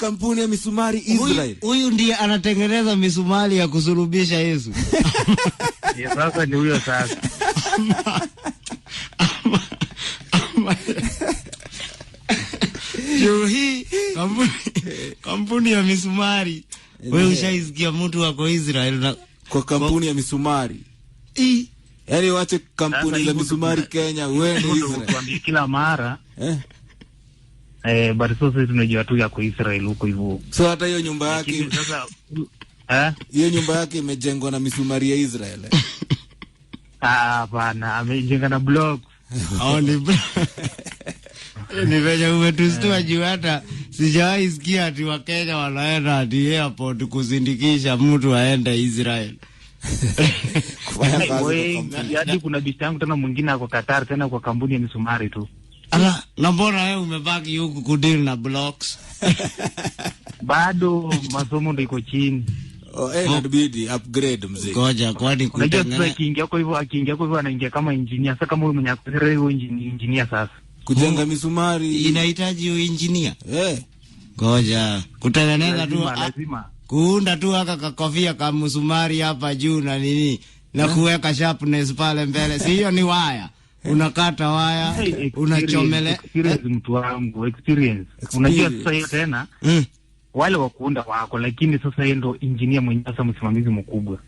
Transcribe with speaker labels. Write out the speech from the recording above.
Speaker 1: kampuni ya misumari Israel.
Speaker 2: Huyu ndiye anatengeneza misumari ya kusulubisha Yesu.
Speaker 3: Sasa ni huyo sasa.
Speaker 2: Juu hii kampuni, kampuni ya misumari wewe ushaisikia mtu wako Israel na
Speaker 1: kwa kampuni ya misumari I. Yaani wache kampuni za misumari Kenya uende Israel.
Speaker 3: Kila mara eh eh, but so sisi tunajua tu ya Israel huko hivyo.
Speaker 1: So hata hiyo nyumba yake sasa eh, hiyo nyumba yake imejengwa na misumari ya Israel. eh?
Speaker 3: Ah, bana amejenga na block.
Speaker 2: Only block. Ni venye umetustua juu hata sijawahi sikia ati Wakenya wanaenda ati airport kuzindikisha mtu aende Israel.
Speaker 3: Hadi kuna bishi yangu tena mwingine ako Qatar tena kwa kampuni ya misumari tu.
Speaker 2: Ala, na mbona wewe umebaki huku kudili na blocks?
Speaker 3: Bado masomo ndio iko chini.
Speaker 1: Oh, eh, hey, oh. inabidi upgrade mzee.
Speaker 2: Ngoja kwani
Speaker 3: kutangana. Unajua akiingia kwa hivyo akiingia kwa hivyo anaingia kama engineer. Sasa kama huyu mwenye kurewe engineer engineer sasa.
Speaker 1: Kujenga misumari
Speaker 2: inahitaji hiyo engineer. Eh. Ngoja kutengeneza
Speaker 3: tu lazima.
Speaker 2: Kuunda tu aka kakofia kama msumari hapa juu na nini na eh. kuweka sharpness pale mbele. Si hiyo ni waya unakata waya hey, unachomele
Speaker 3: experience, mtu wangu experience. Unajua sasa hiyo tena mm. Wale wa kuunda wako, lakini sasa yeye ndo injinia mwenyewe, sasa msimamizi mkubwa